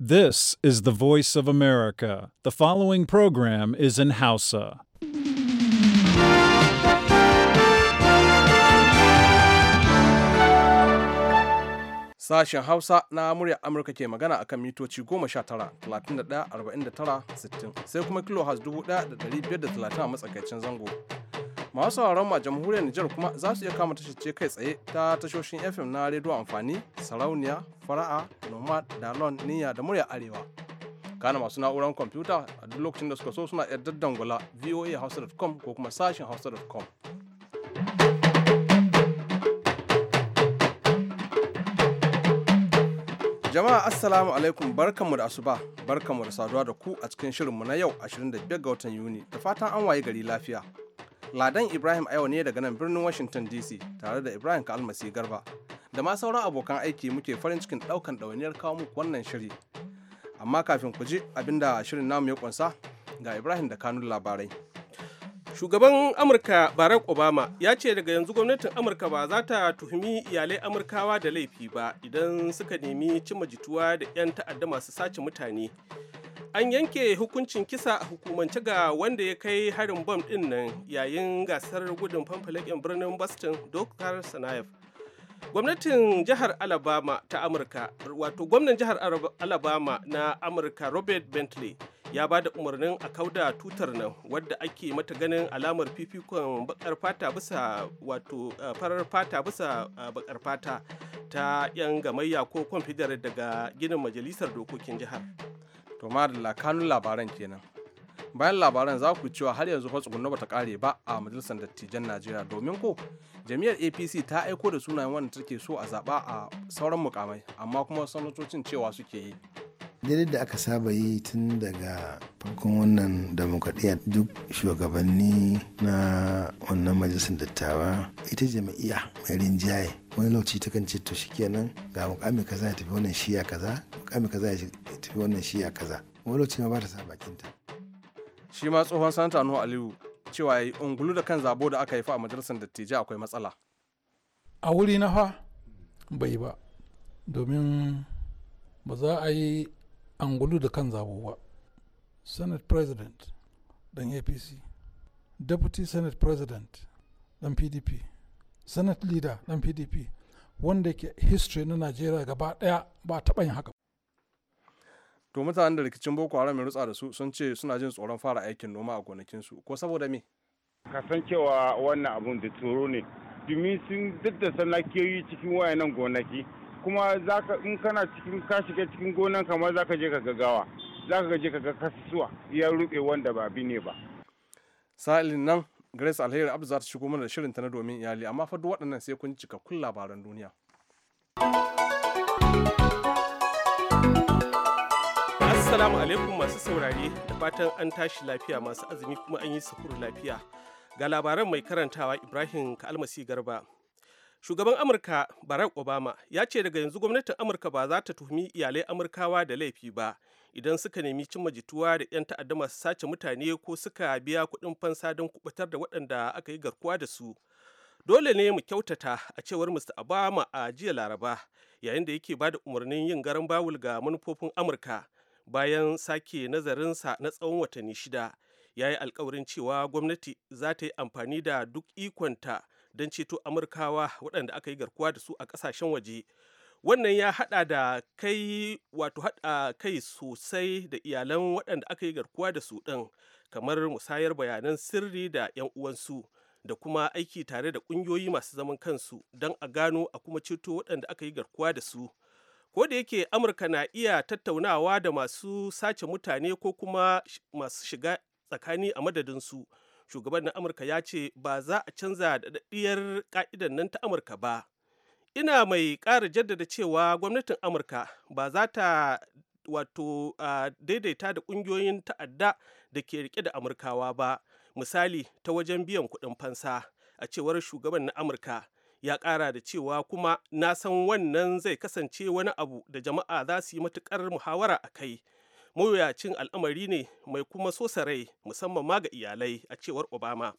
This is the voice of America. The following program is in Hausa. Sashen Hausa na murya Amurka ke magana a kan mitoci 19, 31, 60 sai kuma kilohaz 1,530 a matsakaicin zango. masu sauraron ma jamhuriyar Nijar kuma za su iya kama tashar kai tsaye ta tashoshin FM na rediyo amfani sarauniya fara'a nomad dalon niyya da murya arewa kana masu na'urar kwamfuta a duk lokacin da suka so suna iya daddangula voahouse.com ko kuma sashen hausa.com jama'a assalamu alaikum barkanmu da asuba barkanmu da saduwa da ku a cikin shirinmu na yau 25 ga watan yuni da fatan an waye gari lafiya Ladan Ibrahim yau ne daga nan birnin Washington DC tare da Ibrahim Kalmasi Garba da ma sauran abokan aiki muke farin cikin ɗaukan ɗawainiyar kawo muku wannan shiri. Amma kafin ku ji abinda shirin namu ya kunsa ga Ibrahim da kanun labarai. Shugaban Amurka Barack Obama ya ce daga yanzu gwamnatin Amurka ba za ta tuhumi iyalai Amurkawa da laifi ba idan suka nemi cimma jituwa da 'yan ta'adda masu sace mutane an yanke hukuncin kisa a hukumance ga wanda ya kai harin bom din nan yayin gasar gudun fanfalakin birnin boston dokar Sanayef. gwamnatin jihar alabama ta amurka wato gwamnan jihar alabama na amurka robert bentley ya ba da umarnin a kauda tutar nan wadda ake mata ganin alamar fifikon bakar fata bisa wato eh, farar fata bisa eh, bakar fata ta yan gamayya ko kwamfidar daga ginin majalisar dokokin jihar to madalla kanun labaran kenan bayan labaran za ku cewa har yanzu ba ta kare ba a majalisar dattijan najeriya domin ko jami'ar apc ta aiko da sunayen wanda take so a zaba a sauran mukamai amma kuma sanatocin cewa suke yi daidai da aka saba yi tun daga farkon wannan demokradiyya duk shugabanni na wannan majalisar dattawa ita jami'a mai rinjaye wani lokaci ta kan ce to kenan ga mukami kaza ya tafi wannan shiya kaza mukami kaza ya tafi wannan shiya kaza wani lokaci ma ba ta sa bakinta shi ma tsohon sanata nuhu aliyu cewa ya yi ungulu da kan zabo da aka haifa a majalisar dattijai akwai matsala a wuri na fa bai ba domin ba za a yi an gudu da kan zabo senate president dan apc deputy senate president dan pdp senate leader dan pdp wanda ke history na najeriya gaba daya ba taɓa yin haka to mutanen da rikicin boko haram ya rutsa da su sun ce suna jin tsoron fara aikin noma a gonakinsu ko saboda me cewa wannan abun da tsoro ne domin sun da nakiyoyi cikin wayannan gonaki kuma in kana cikin ka shiga cikin gonan kamar zaka je ka gagawa zaka je ka ga kasuwa ya rube wanda ba bi ne ba sa'ilin nan grace alheri Abdu za ta shigo mana da shirin ta na domin iyali amma fa duk waɗannan sai kun cikakkun labaran duniya Assalamu alaikum masu saurare da fatan an tashi lafiya masu azumi kuma an yi sukuru lafiya. Ga labaran mai karantawa Ibrahim Kalmasi Garba. shugaban amurka barack obama ya ce daga yanzu gwamnatin amurka ba za ta tuhumi iyalai amurkawa da laifi ba idan suka nemi cimma jituwa da 'yan ta'adda masu sace mutane ko suka biya kuɗin fansa don kubutar da waɗanda aka yi garkuwa da su dole ne mu kyautata a cewar mr obama a jiya laraba yayin da yake ba da umarnin yin garan bawul ga manufofin amurka bayan sake nazarinsa na tsawon watanni shida ya yi alkawarin cewa gwamnati za ta yi amfani da duk ikonta don ceto amurkawa waɗanda aka yi garkuwa da su a ƙasashen waje wannan ya hada da kai wato hada kai sosai da iyalan waɗanda aka yi garkuwa da su ɗin kamar musayar bayanan sirri da 'yan uwansu da kuma aiki tare da ƙungiyoyi masu zaman kansu don a gano a kuma ceto waɗanda aka yi garkuwa da su ko da yake amurka na iya tattaunawa da masu sace mutane ko kuma masu shiga tsakani a madadinsu su shugaban na amurka ya ce ba za a canza daɗaɗɗiyar ƙa'idan nan ta amurka ba ina mai ƙara jaddada cewa gwamnatin amurka ba za ta wato daidaita da ƙungiyoyin ta'adda da ke rike da amurkawa ba misali ta wajen biyan kuɗin fansa a cewar shugaban na amurka ya ƙara da cewa kuma na san wannan zai kasance wani abu da jama'a za su yi matuƙar muhawara a kai mawuyacin al'amari ne mai kuma sosa rai musamman ma ga iyalai a cewar obama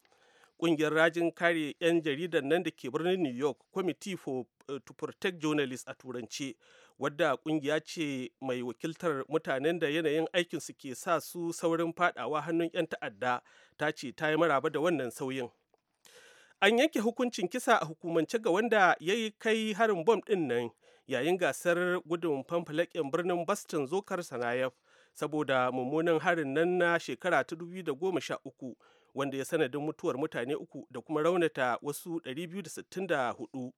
ƙungiyar rajin kare 'yan jaridar nan da ke birnin new york committee for eh, to protect journalists a turance wadda ƙungiya ce mai wakiltar mutanen da yanayin aikinsu ke sa su saurin fadawa hannun 'yan ta'adda ta ce ta yi maraba da wannan sauyin an yanke hukuncin kisa a hukumance ga wanda ya yi kai harin bom ɗin nan yayin gasar gudun famfalakin birnin boston zokar sanayef saboda mummunan harin nan na shekara ta 2013 wanda ya sanadin mutuwar mutane uku da kuma raunata wasu 264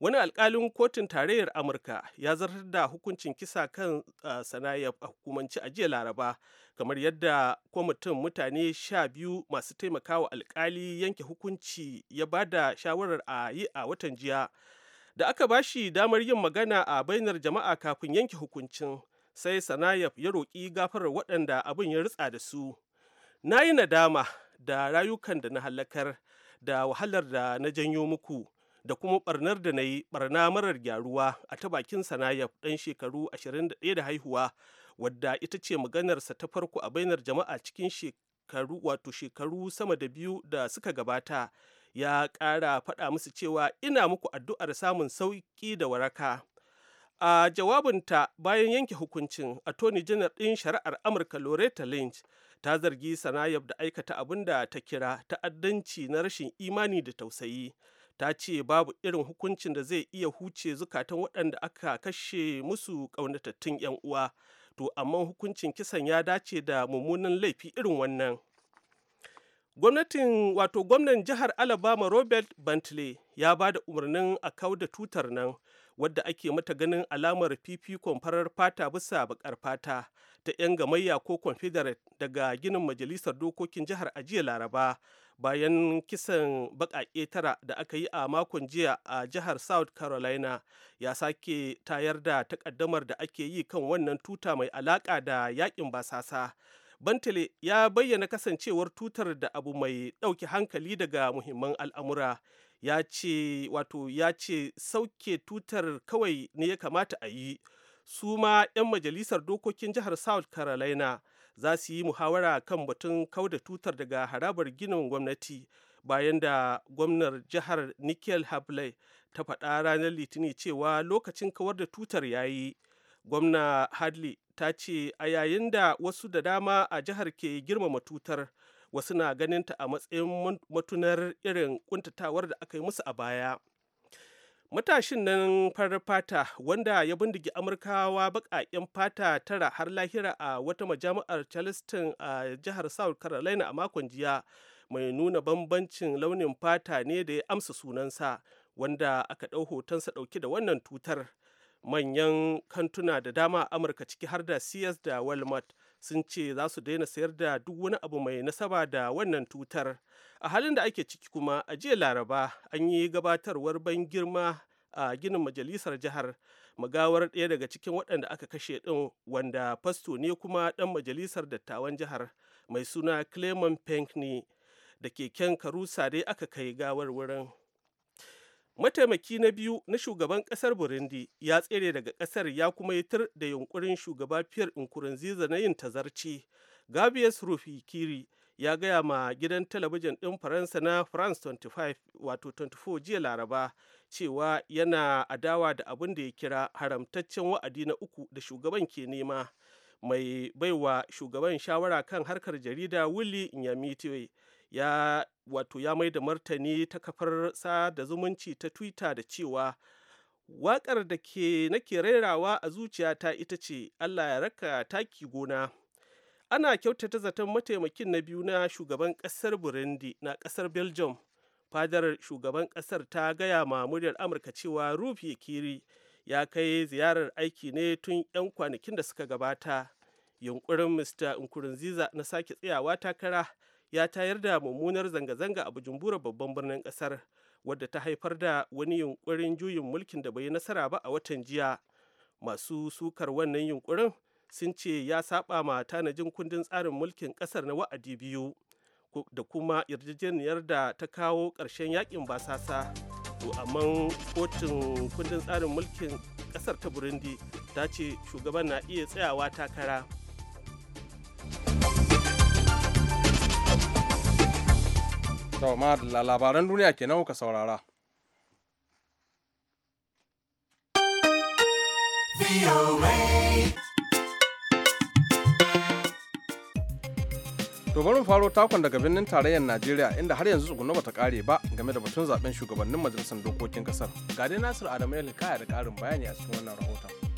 wani alkalin kotun tarayyar amurka ya zartar da hukuncin kisa kan sanaya a hukumanci a jiya laraba kamar yadda kwamitin mutane sha biyu masu taimakawa alkali yanke hukunci ya ba da shawarar a yi a watan jiya da aka ba shi damar yin magana a bainar jama'a kafin yanke hukuncin sai sanayef ya roƙi gafar waɗanda abin ya ritsa da su na yi nadama da rayukan da na halakar da wahalar da na janyo muku da kuma ɓarnar da na yi ɓarna marar gyaruwa a ta bakin sanayef ɗan shekaru 21 da haihuwa wadda ita ce maganarsa ta farko a bainar jama'a cikin shekaru wato shekaru sama da biyu da suka gabata ya ƙara faɗa musu cewa ina muku addu'ar samun sauƙi da waraka a jawabinta bayan yanke hukuncin attorney general ɗin shari'ar amurka loretta lynch ta zargi sanayab da aikata abin da ta kira ta'addanci na rashin imani da tausayi ta ce babu irin hukuncin da zai iya huce zukatan waɗanda aka kashe musu ƙaunatattun 'yan uwa to amma hukuncin kisan ya dace da mummunan laifi irin wannan gwamnatin wato gwamnan jihar alabama robert bentley ya ba da umarnin a kau da tutar nan wadda ake mata ganin alamar fifikon farar fata bisa bakar fata ta 'yan gamayya ko confederate daga ginin majalisar dokokin jihar ajiya laraba bayan kisan baƙaƙe tara da aka yi a makon jiya a jihar south carolina ya sake tayar da takaddamar da ake yi kan wannan tuta mai alaƙa da yakin basasa bantale ya bayyana kasancewar tutar da abu mai ɗauke hankali daga muhimman al'amura ya ce wato ya ce sauke tutar kawai ne ya kamata a yi su ma 'yan majalisar dokokin jihar south carolina za su yi muhawara kan batun kauda tutar daga harabar ginin gwamnati bayan da gwamnar jihar nickel habley ta faɗa ranar litinin cewa lokacin kawar da tutar ya yi gwamna hadley ta ce a yayin da wasu da dama a jihar ke girmama tutar wasu na ganin ta a matsayin matunar irin kuntatawar da aka yi musu a baya matashin nan farar fata wanda ya bindige amurkawa baƙaƙen fata tara har lahira a wata majami'ar charleston a jihar south carolina a makon jiya mai nuna bambancin launin fata ne da ya amsa sunansa wanda aka ɗau hotonsa ɗauke da wannan tutar manyan kantuna da dama a amurka ciki har da sears da walmart sun ce za su daina sayar da duk wani abu mai nasaba da wannan tutar a halin da ake ciki kuma a jiya laraba an yi gabatarwar ban girma a ginin majalisar jihar magawar ɗaya daga cikin waɗanda aka kashe ɗin wanda fasto ne kuma ɗan majalisar dattawan jihar mai suna clement pinkney da keken karusa dai aka kai gawar wurin mataimaki na biyu na shugaban kasar burundi ya tsere daga kasar ya kuma yi tur da yunkurin shugaba pierre nkurunziza na yin tazarci gabius kiri ya gaya ma gidan talabijin din faransa na france 25 wato 24 jiya laraba cewa yana adawa da abin da ya kira haramtaccen wa'adi na uku da shugaban ke nema mai baiwa shugaban shawara kan harkar jarida willy nyamitiwe ya wato ya mai da martani ta kafar da zumunci ta twitter da cewa waƙar da ke nake rairawa a zuciyata ita ce allah ya raka taki gona ana kyautata zaton mataimakin na biyu na shugaban ƙasar burundi na ƙasar belgium fadar shugaban ƙasar ta gaya ma muryar amurka cewa rufi kiri ya kai ziyarar aiki ne tun 'yan kwanakin da suka gabata yunkurin mr nkurunziza na sake tsayawa takara ya tayar da mummunar zanga-zanga a bujumbura babban birnin kasar wadda ta haifar da wani yunkurin juyin mulkin da bai nasara ba a watan jiya masu sukar wannan yunkurin sun ce ya saba ma tanajin kundin tsarin mulkin kasar na wa'adi biyu da kuma yarjejeniyar da ta kawo ƙarshen yakin basasa to amma kotun kundin tsarin mulkin kasar ta burundi ta ce shugaban na iya tsayawa takara To labaran duniya kenan kuka saurara. To bari faro takon daga birnin tarayyar Najeriya inda har yanzu tsuguna bata kare ba game da batun zaben shugabannin majalisar dokokin kasar. Ga Nasir Adamu ya da karin bayani a cikin wannan rahoton.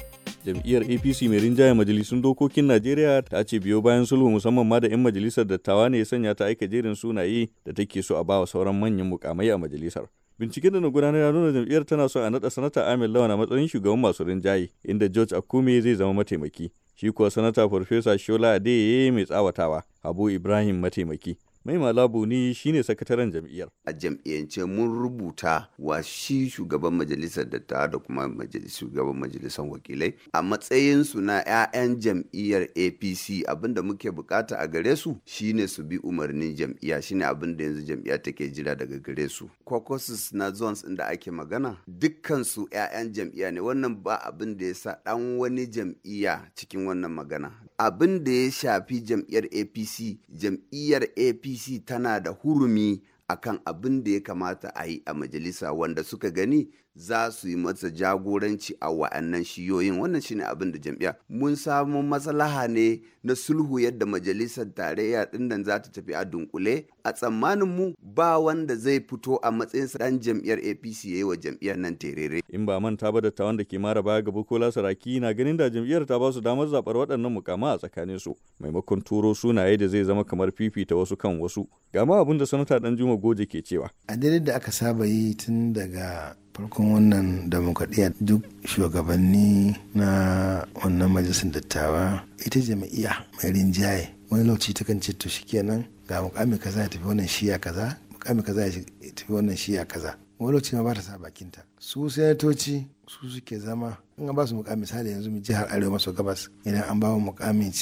jam'iyyar apc mai rinjaye majalisun dokokin najeriya ta ce biyo bayan sulhu musamman ma da 'yan majalisar dattawa ne ya sanya ta aika jerin sunaye da take so a bawa sauran manyan mukamai a majalisar binciken da na gudanar ya nuna jam'iyyar tana so a naɗa sanata amir lawan a matsayin shugaban masu rinjaye inda george akume zai zama mataimaki shi kuwa sanata farfesa shola adeyeye mai tsawatawa abu ibrahim mataimaki mai malabu ni shine sakataren jam'iyyar a jam'iyyance mun rubuta wa shi shugaban majalisar dattawa da kuma shugaban majalisar wakilai a matsayin su na 'ya'yan jam'iyyar apc abinda muke bukata a gare su shine su bi umarnin jam'iyya shine abin da yanzu jam'iyya take jira daga gare su caucuses na zones inda ake magana dukkan su 'ya'yan jam'iyya ne wannan ba abin da ya sa dan wani jam'iyya cikin wannan magana abin da ya shafi jam'iyyar apc jam'iyyar apc apc tana da hurumi akan abin da ya kamata a yi a majalisa wanda suka gani za su yi masa jagoranci a wa'annan shiyoyin wannan shine abin da jam'iyya mun samu maslaha ne na sulhu yadda majalisar tarayya din nan za ta tafi a dunkule a tsammanin mu ba wanda zai fito a matsayin dan jam'iyyar APC yayi wa jam'iyyar nan terere in ba manta ba da ta da ke mara baya ga Bukola Saraki na ganin da jam'iyyar ta ba su damar zabar waɗannan mukama a tsakanin su maimakon turo sunaye da zai zama kamar fifita wasu kan wasu ga ma abin da sanata Danjuma Goje ke cewa a da aka saba yi tun daga farkon wannan demokradiyya duk shugabanni na wannan majalisar dattawa ita jam'iyya mai rinjaye wani lokaci ta kan ce to shi kenan ga mukami kaza ya tafi wannan shiya kaza mukami kaza ya tafi wannan shiya kaza wani lokaci ma ba ta sa bakinta su sanatoci su suke zama in ba su mukami misali yanzu mu jihar arewa maso gabas idan an ba mu mukami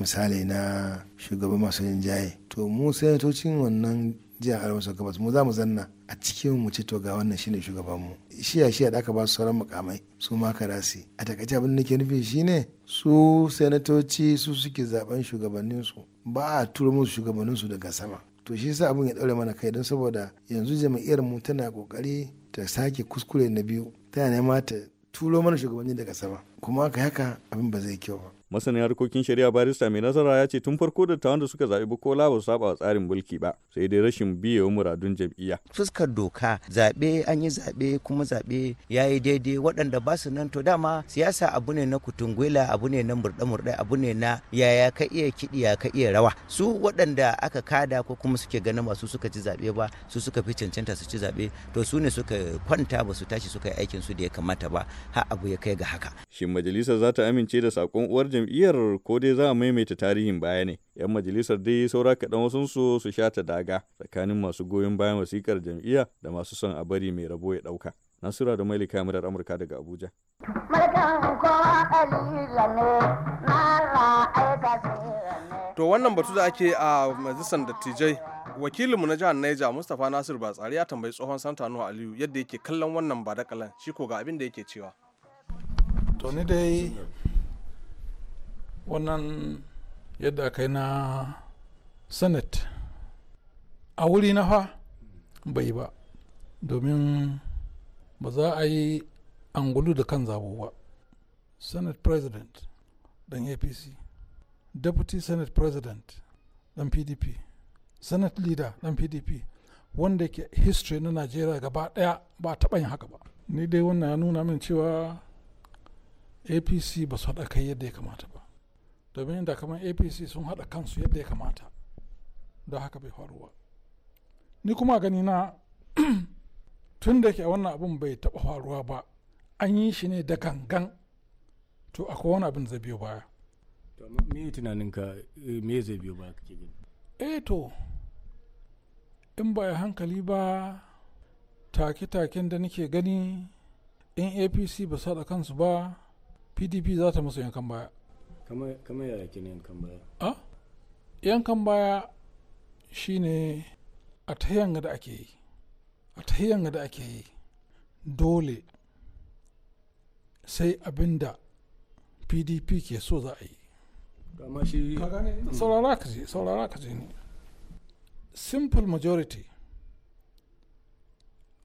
misali na shugaban masu rinjaye to mu sanatocin wannan jihar arewa maso gabas mu za mu zanna a cikin mu ce to ga wannan shine mu shiya shiya da aka ba su sauran mukamai su ma karasi a takaice abin da ke nufi shine su sanatoci su suke zaben shugabannin su ba a turo musu shugabannin su daga sama to shi yasa abin ya daure mana kai don saboda yanzu jami'ar mu tana kokari ta sake kuskure na biyu tana nema ta turo mana shugabanni daga sama kuma haka haka abin ba zai kyau ba masanin harkokin shari'a barista mai nasara ya ce tun farko da da suka zaɓi bukola ba su saba wa tsarin mulki ba sai dai rashin biye muradun jam'iyya fuskar doka zaɓe an yi zaɓe kuma zaɓe ya yi daidai waɗanda ba su nan to dama siyasa abu ne na kutungwela abu ne na murɗe-murɗe abu ne na yaya ka iya kiɗi ya ka iya rawa su waɗanda aka kada ko kuma suke ganin masu suka ci zaɓe ba su suka fi cancanta su ci zaɓe to su ne suka kwanta ba su tashi suka yi aikin su da ya kamata ba har abu ya kai ga haka shin majalisa za ta amince da sakon uwar jam'iyyar ko dai za a maimaita tarihin baya ne. 'Yan majalisar dai saura kaɗan wasu su sha ta daga tsakanin masu goyon bayan wasikar jam'iyya da masu son a bari mai rabo ya ɗauka. Nasura da Maili Kamilar Amurka daga Abuja. To wannan batu da ake a majalisar dattijai wakilinmu na jihar Neja Mustapha Nasir Batsari ya tambayi tsohon Santa Nuhu Aliyu yadda yake kallon wannan ba badakalan shi ko ga abin da yake cewa. To ni dai wannan yadda aka yi na senate a wuri na fa bai ba domin ba za a yi angulu da kan zabo ba senate president dan apc deputy senate president dan pdp senate leader dan pdp wanda ke history na najeriya gaba daya ba taɓa yin haka ba ni dai wannan ya nuna min cewa apc ba su haɗa kai yadda ya kamata ba domin da kamar apc sun haɗa kansu yadda ya kamata don haka bai faruwa ni kuma gani na tun da ke wannan abin bai taɓa faruwa ba an yi shi ne da gangan to akwai wani abin zai biyo baya me tunaninka eh, me zai biyo baya kake eh to in ba hankali ba take-taken da nake gani in apc ba sa da kansu ba pdp za ta musu yankan baya kamar yaya kina yankan baya a ah, yankan baya shine a yanga da ake yi a ta yanga da ake yi dole sai abin da pdp ke so za a yi saurara ka je saurara ka je ne simple majority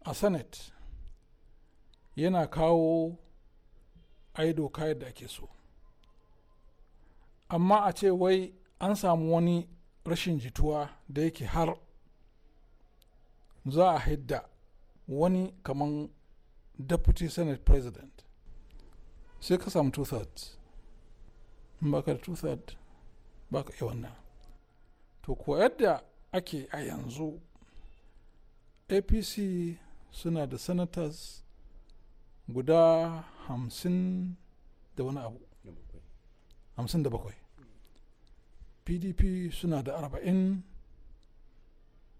a senate yana kawo yi doka yadda ake so amma a ce wai an samu wani rashin jituwa da yake har za a hidda wani kaman deputy senate president sai ka samu two-thirds baka da two-thirds baka iya wannan to kuwa yadda ake a yanzu apc suna da senators guda hamsin da wani abu hamsin da bakwai pdp suna da arba'in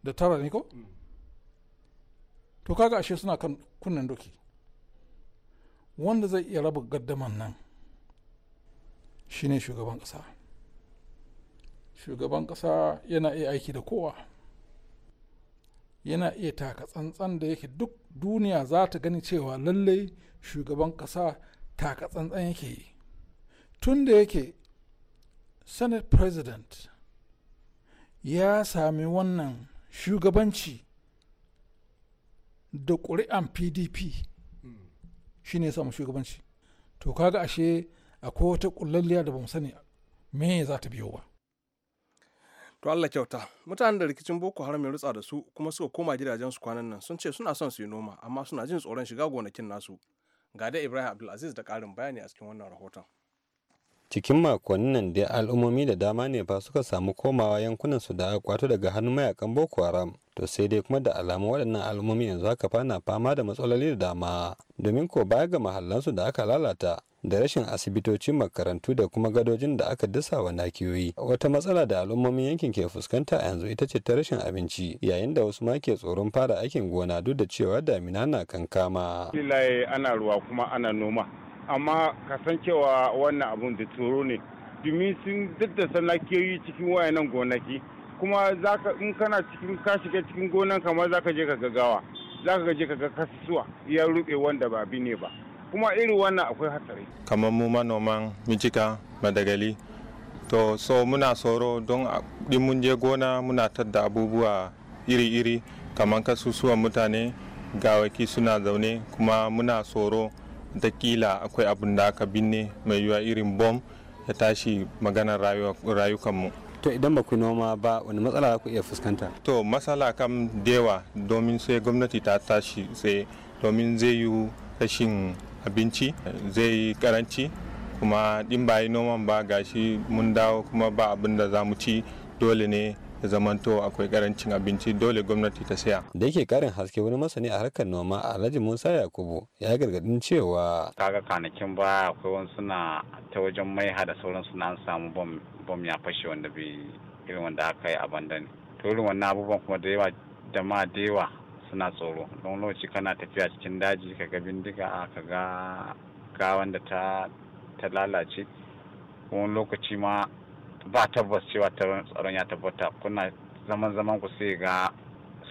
da tara ne ko mm. to kaga ashe suna kan kunnen doki wanda zai iya raba gaddaman nan shine shugaban kasa shugaban kasa yana iya aiki da kowa yana iya taka tsantsan da yake duk duniya za ta gani cewa lallai shugaban kasa taka tsantsan yake yi tun da yake senate president ya sami wannan shugabanci da ƙuri'an pdp shi ne ya samu shugabanci to kaga ashe akwai wata ƙullalliya da bamu sani me za ta biyo ba to Allah kyauta mutanen da rikicin boko haram ya rutsa da su kuma suka koma gidajen su kwanan nan sun ce suna son su yi noma amma suna jin tsoron shiga gonakin nasu ga da ibrahim abdulaziz da ƙarin bayani a cikin wannan rahoton cikin makonnin nan da al'ummomi da dama ne fa suka samu komawa yankunan su da kwato daga hannun mayakan boko haram to sai dai kuma da alamu waɗannan al'ummomi yanzu haka fa fama da matsaloli da dama domin ko baya ga mahallansu da aka lalata da rashin asibitoci makarantu da kuma gadojin da aka dasa wa nakiyoyi wata matsala da al'ummomin yankin ke fuskanta a yanzu ita ce ta rashin abinci yayin da wasu ma ke tsoron fara aikin gona duk da cewa damina na kankama. ana ruwa kuma ana noma amma cewa wannan abun da tsoro ne domin sun daddasa yi cikin wayannan gonaki kuma in kana cikin ka shiga cikin gonan kamar zaka je ka gagawa zaka je ka ga kasuwa ya rube wanda ba bi ne ba kuma irin wannan akwai hatsari kamar mu manoman mijika madagali to so muna tsoro don din mun je gona muna tadda abubuwa iri-iri kamar kasusuwan mutane gawaki suna zaune kuma muna tsoro kila akwai abin da aka binne mai yiwuwa irin bom ya tashi maganar rayukanmu to idan ba ku noma ba wani matsala ku iya fuskanta to matsala kam dewa domin sai gwamnati ta tashi sai domin zai yi rashin abinci zai yi karanci kuma in ba yi noman ba gashi mun dawo kuma ba abin da za mu ci dole ne ya zamanto akwai karancin abinci dole gwamnati ta saya. Da yake karin haske wani masani a harkar noma Alhaji Musa Yakubu ya gargadin cewa. Kaga kanakin ba akwai wani suna ta wajen mai da sauran suna an samu bom ya fashe wanda bai irin wanda aka yi abandani. To irin wannan abubuwan kuma da yawa ma da yawa suna tsoro don lokaci kana tafiya cikin daji ka ga bindiga ka ga wanda da ta lalace wani lokaci ma ba tabbas cewa tsaron ya tabbata kuna zaman zaman ku sai ga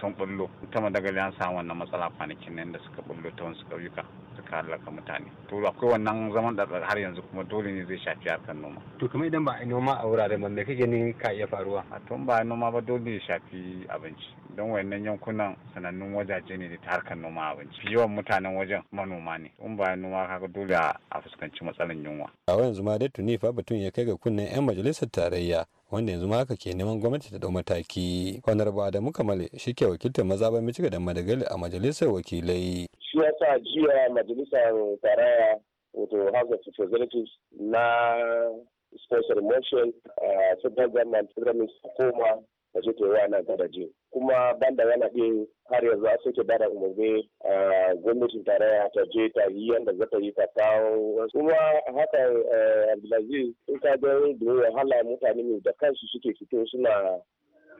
sun bullo ta madagali an samu wannan matsala kwanakin nan da suka bullo ta wasu ƙauyuka suka halaka mutane to akwai wannan zaman da har yanzu kuma dole ne zai shafi harkar noma to kuma idan ba a noma a wuraren ba me kake ne ka iya faruwa a tun ba a noma ba dole ya shafi abinci don wayannan yankunan sanannun wajaje ne da ta harkar noma abinci yawan mutanen wajen manoma ne in ba noma kaga dole a fuskanci matsalar yunwa a yanzu ma dai tuni fa batun ya kai ga kunnen yan majalisar tarayya wanda yanzu ma haka ke neman gwamnati ta dau mataki kwanar ba da muka male shi ke wakiltar mazaɓar michiga da madagali a majalisar wakilai shi ya sa jiya majalisar tarayya wato house of representatives na sponsor motion a eh, federal government federal minister koma da wa wannan gadaje kuma banda yana ɗin har yanzu a suke bada umarni a gwamnatin tarayya ta je ta yi yadda za ta yi ta kawo kuma haka eh, abdulaziz in ka ga da wahala mutane ne da kansu suke fito suna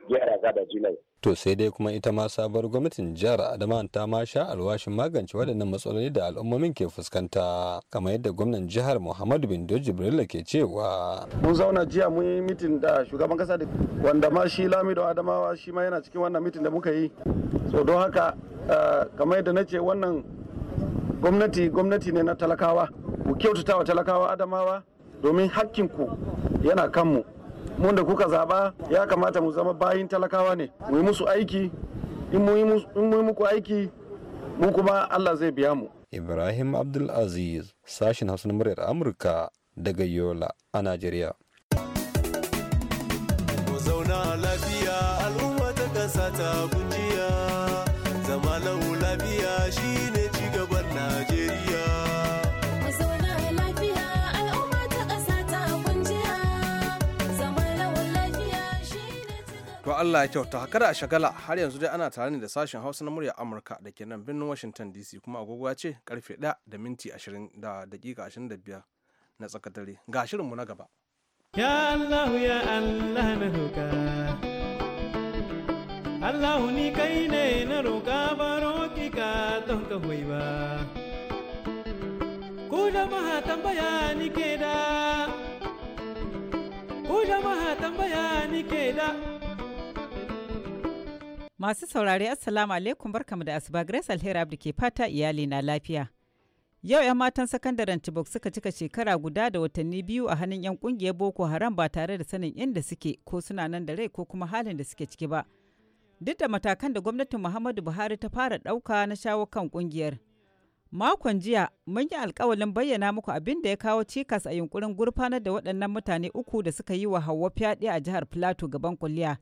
gyara Jilai. To sai dai kuma ita ma sabuwar gwamnatin jihar Adama ta ma sha alwashin magance waɗannan matsaloli da al'ummomin ke fuskanta kamar yadda gwamnan jihar Muhammadu Bindo Jibrila ke cewa. Mun zauna jiya mun yi mitin da shugaban kasa da wanda ma shi Lamido Adamawa shi ma yana cikin wannan mitin da muka yi. So don haka eh, kamar yadda na ce wannan gwamnati gwamnati ne na talakawa. Ku kyautata wa talakawa Adamawa domin hakkinku yana kanmu. mun da kuka zaba ya kamata mu zama bayin talakawa ne mu yi musu aiki in mu yi muku aiki mu kuma Allah zai biya mu Ibrahim Abdulaziz sashin Hausa na muryar Amurka daga Yola a Najeriya Mu zauna lafiya al'umma ta kasa ta To Allah ya kyauta kada a shagala har yanzu dai ana tare ne da sashen Hausa na murya Amurka da ke nan birnin Washington DC kuma agogo ce karfe 1 da minti 20 da dakika 25 na tsakatare ga shirinmu na gaba. Ya Allah ya Allah na roka Allah ni kai ne na roka baro ki ka don ka hoyi ba. Ku jama'a tambaya ni ke da. Ku jama'a tambaya ni ke da. Masu saurari Assalamu alaikum barkamu da asuba Grace Alheri Abdi ke fata iyali na lafiya. Yau 'yan matan sakandaren Chibok suka cika shekara guda da watanni biyu a hannun 'yan kungiyar Boko Haram ba tare da sanin inda suke ko suna nan da rai ko kuma halin da suke ciki ba. Duk da matakan da gwamnatin Muhammadu Buhari ta fara ɗauka na shawo kan kungiyar. Makon jiya mun yi alkawalin bayyana muku abin da ya kawo cikas a yunkurin gurfanar da waɗannan mutane uku da suka yi wa Hauwa fyaɗe a jihar Filato gaban kuliya.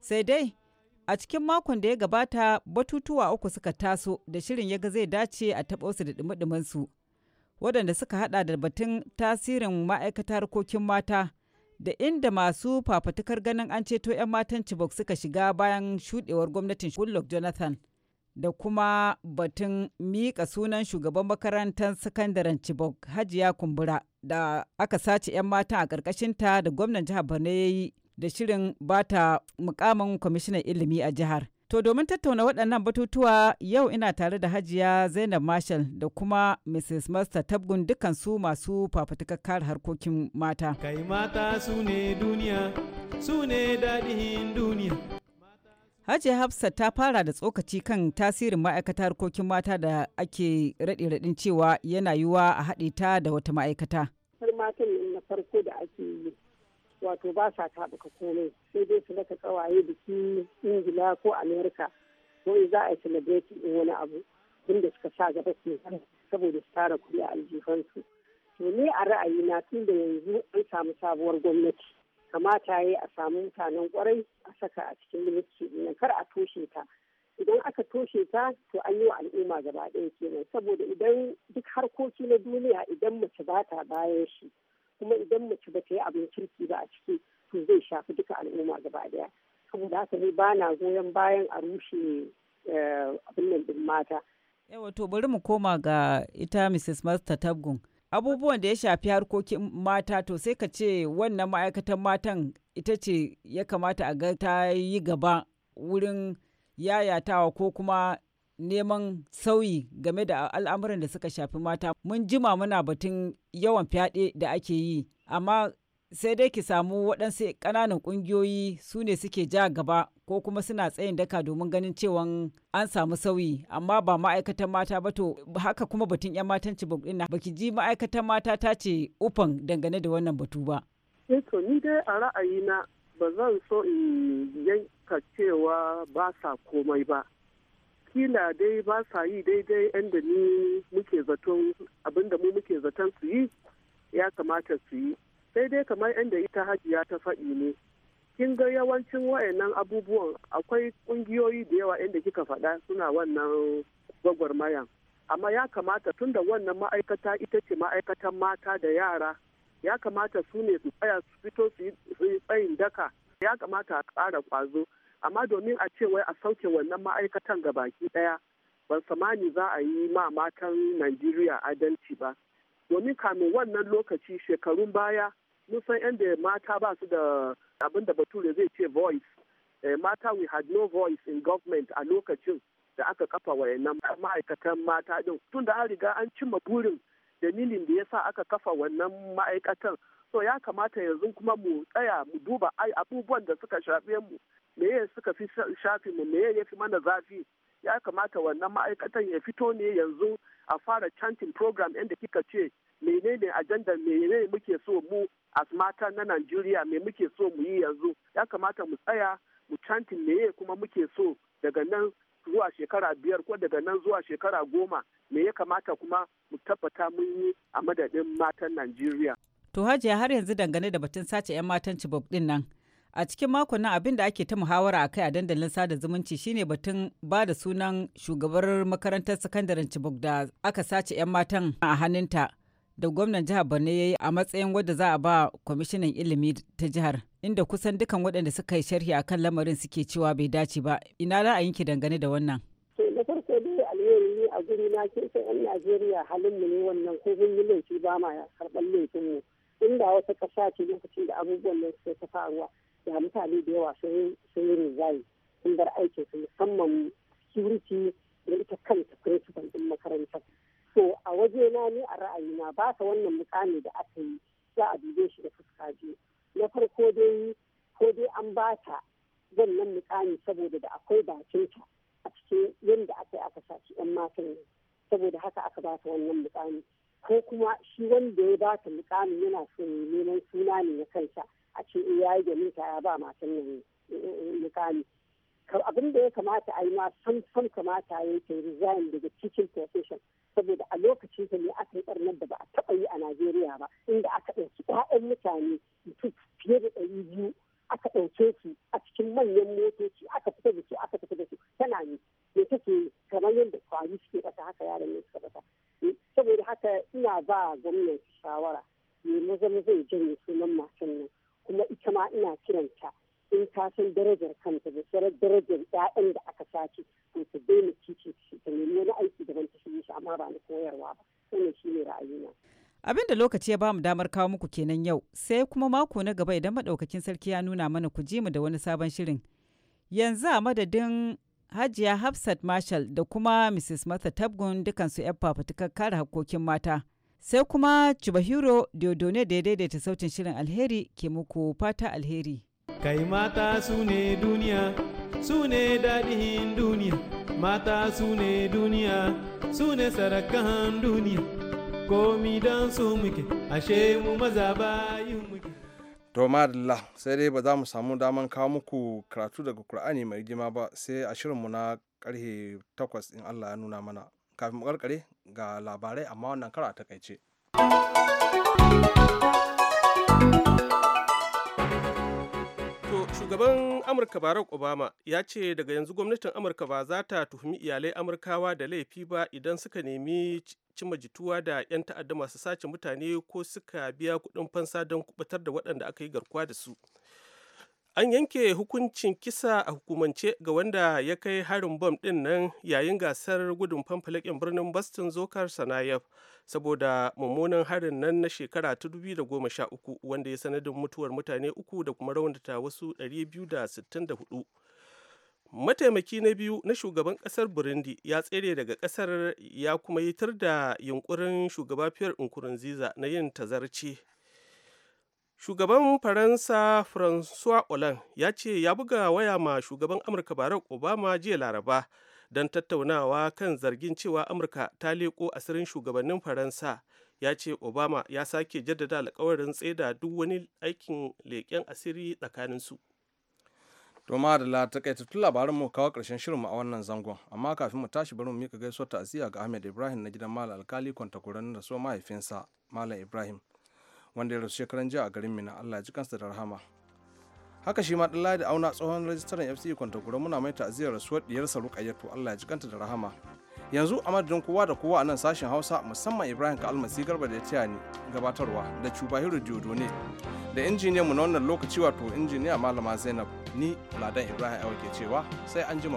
Sai dai A cikin makon da ya gabata batutuwa uku suka taso da shirin ya ga zai dace a taɓa su da ɗumi waɗanda suka haɗa da batun tasirin ma'aikatar harkokin mata da inda masu fafatukar ganin an ceto 'yan matan Chibok suka shiga bayan shuɗewar gwamnatin Goodluck Jonathan da kuma batun miƙa sunan shugaban makarantar sakandaren Chibok Hajiya Kumbura da aka sace 'yan mata a ƙarƙashinta da gwamnan jihar Borno ya yi da shirin bata mukamin kwamishinan ilimi a jihar. To domin tattauna waɗannan batutuwa yau ina tare da hajiya Zainab Marshall da kuma Mrs. Master Tabgun dukkan su masu fafutukar kare harkokin mata. Kai mata su ne duniya, su ne daɗin duniya. haji hafsa ta fara da tsokaci kan tasirin ma'aikata harkokin mata da ake raɗe-raɗin cewa yana yiwa a haɗe ta da wata ma'aikata. Har matan na farko da ake yi wato ba sa taɓuka komai sai dai su raka tsawaye biki ingila ko amerika ko za a yi celebrating in wani abu inda suka sa gaba ke saboda su tara kuɗi a aljihansu to ni a ra'ayi na tun da yanzu an samu sabuwar gwamnati kamata ya a samu mutanen kwarai a saka a cikin ministry ina kar a toshe ta idan aka toshe ta to an yi wa al'umma gaba ɗaya kenan saboda idan duk harkoki na duniya idan mace ba ta bayan shi kuma idan mace ba ta yi abin kirki ba a ciki to zai shafi duka al'umma gaba daya saboda haka ne ba na goyon bayan a rushe eh, abin nan din mata yawa to bari mu koma ga ita mrs master tabgun abubuwan da ya shafi harkokin mata to sai ka ce wannan ma'aikatan matan ita ce ya kamata a ga ta yi gaba wurin yayatawa ko kuma neman sauyi game da al'amuran da suka shafi mata mun jima muna batun yawan fyaɗe da ake yi amma sai dai ki samu waɗansu ƙananan ƙungiyoyi su ne suke ja gaba ko kuma suna tsayin daka domin ganin cewa an samu sauyi amma ba ma'aikatan mata ba to haka kuma batun 'yan matan ci ɗin baki ji ma'aikatan mata ta ce ufan dangane da wannan batu ba. Eh to ni dai a ra'ayina ba zan so in yanka cewa ba sa komai ba kila dai ba sa yi daidai yadda ni muke zaton abinda mu muke zaton su yi ya kamata su yi sai dai kamar yadda ita hajiya ta faɗi ne kin ga yawancin wayannan abubuwan akwai ƙungiyoyi da yawa yadda kika faɗa suna wannan gwagwarmayan amma ya kamata tun da wannan ma'aikata ita ce ma'aikatan mata da yara ya kamata su ne su tsaya su fito su yi tsayin daka ya kamata a ƙara ƙwazo amma domin a ce wai a sauke wannan ma'aikatan ga baki ɗaya ban samani za a yi ma matan najeriya adalci ba domin kamin wannan lokaci shekarun baya mun san yadda mata ba su da abin da bature zai ce voice eh, mata we had no voice in government a lokacin da aka kafa wayannan ma'aikatan mata din tun da an riga an cimma burin dalilin da ya sa aka kafa wannan ma'aikatan so ya kamata yanzu kuma mu tsaya mu duba ai abubuwan da suka shafe mu meye suka fi shafi mu meye ya fi mana zafi ya kamata wannan ma'aikatan ya fito ne yanzu a fara chanting program inda kika ce menene ajandar menene muke so mu as mata na Najeriya me muke so mu yi yanzu ya kamata mu tsaya mu chanting meye kuma muke so daga nan zuwa shekara biyar ko daga nan zuwa shekara goma me ya kamata kuma mu tabbata mun yi a madadin matan Najeriya. To Hajiya har yanzu dangane da batun sace 'yan matan Chibok din nan. a cikin makon nan abin da ake ta muhawara a kai a dandalin sada zumunci shine batun ba da sunan shugabar makarantar sakandaren cibok da aka sace 'yan matan a hannunta da gwamnan jihar borno ya yi a matsayin wadda za a ba kwamishinan ilimi ta jihar inda kusan dukan waɗanda suka yi sharhi akan lamarin suke cewa bai dace ba ina za dangane da wannan da farko da alheri a guri na yan najeriya halin ne wannan ko ba ma laifin mu inda wata ƙasa ce lokacin da abubuwan da suke ta faruwa da mutane da yawa sun yi rizayi sun bar aikin su musamman security da ita kanta principal din makarantar so a waje na ne a ra'ayina ba ta wannan mukami da aka yi za a dube shi da fuska je na farko dai ko dai an ba ta wannan mukami saboda da akwai bakin bakinta a cikin yadda aka yi aka saki yan matan ne saboda haka aka ba ta wannan mukami ko kuma shi wanda ya ba ta mukamin yana son neman suna ne na kansa a ce ya yi domin ta ya ba matan nan eh, mukami abin da ya kamata a yi ma san san kamata a yi resign daga cikin profession saboda a lokacin ta ne aka yi ɓarnar da ba a taɓa yi a Najeriya ba inda aka ɗauki ƴaƴan mutane fiye da ɗari biyu aka ɗauke su a cikin manyan motoci aka fita da su aka fita da su tana ne me take kamar yadda kwari suke ɓata haka yaran ne suka ɓata saboda haka ina ba gwamnati shawara ne maza zai janye sunan masu nan kuma ita ma ina kiranta in ta san darajar kanta da sarar darajar 'ya'yan da aka sace to ta daina cici ta nemi wani aiki daban ta shige shi amma ba na koyarwa ba shi ne ra'ayina Abin da lokaci ya bamu damar kawo muku kenan yau, sai kuma mako na gaba idan madaukakin sarki ya nuna mana ku ji mu da wani sabon shirin. Yanzu a madadin Hajiya Hafsat Marshall da kuma Mrs. Martha Tabgun dukansu 'yan fafatukar kare hakkokin mata. sai kuma Chibahiro Diodone da ya daidaita sautin shirin alheri ke muku fata alheri. Kai mata su ne duniya, su ne daɗin duniya, mata su ne duniya, su ne sarakan duniya, komi don su muke, ashe mu maza bayin muke. To madalla sai dai ba za mu samu daman kawo muku karatu daga Kur'ani mai rigima ba sai a shirinmu na karhe takwas in Allah ya nuna mana. kafin mu ga labarai amma wannan kara a takaice. shugaban amurka barack obama ya ce daga yanzu gwamnatin amurka ba za ta tuhumi iyalai amurkawa da laifi ba idan suka nemi cima jituwa da 'yan ta'adda masu sace mutane ko suka biya kudin fansa don kubutar da waɗanda aka yi garkuwa da su an yanke hukuncin kisa a hukumance ga wanda ya kai harin bom ɗin nan yayin gasar gudun fanfalakin birnin boston zokar sanayef saboda mummunan harin nan na shekara ta 2013 wanda ya sanadin mutuwar mutane uku da kuma raunata wasu 264 mataimaki na biyu na shugaban kasar burundi ya tsere daga kasar ya kuma yi yitar da yunkurin shugaba fiyar nkurunziza na yin tazarci shugaban faransa francois hollande ya ce ya buga waya ma shugaban amurka barack obama jiya laraba don tattaunawa kan zargin cewa amurka ta leko asirin shugabannin faransa ya ce obama ya sake jaddada alkawarin tseda duk wani aikin leƙen asiri tsakaninsu to ma da takaitattun labarin mu kawo karshen shirinmu a wannan zangon amma kafin mu tashi bari mu mika gaisuwar ta'aziyya ga ahmed ibrahim na gidan malam alkali kwantakuranin da so mahaifinsa malam ibrahim wanda ya rasu shekaran jiya a garin mina allah ya ji kansa da rahama haka shi ma dan ladi auna tsohon rajistaran fc kwantagura muna mai ta'aziyar rasuwar diyarsa rukayyatu allah ya ji kanta da rahama yanzu a madadin kowa da kowa a nan sashen hausa musamman ibrahim ka almasi garba da ya taya ni gabatarwa da cubahiru ne da injiniyan mu na wannan lokaci wato injiniya malama zainab ni ladan ibrahim awa ke cewa sai an ku.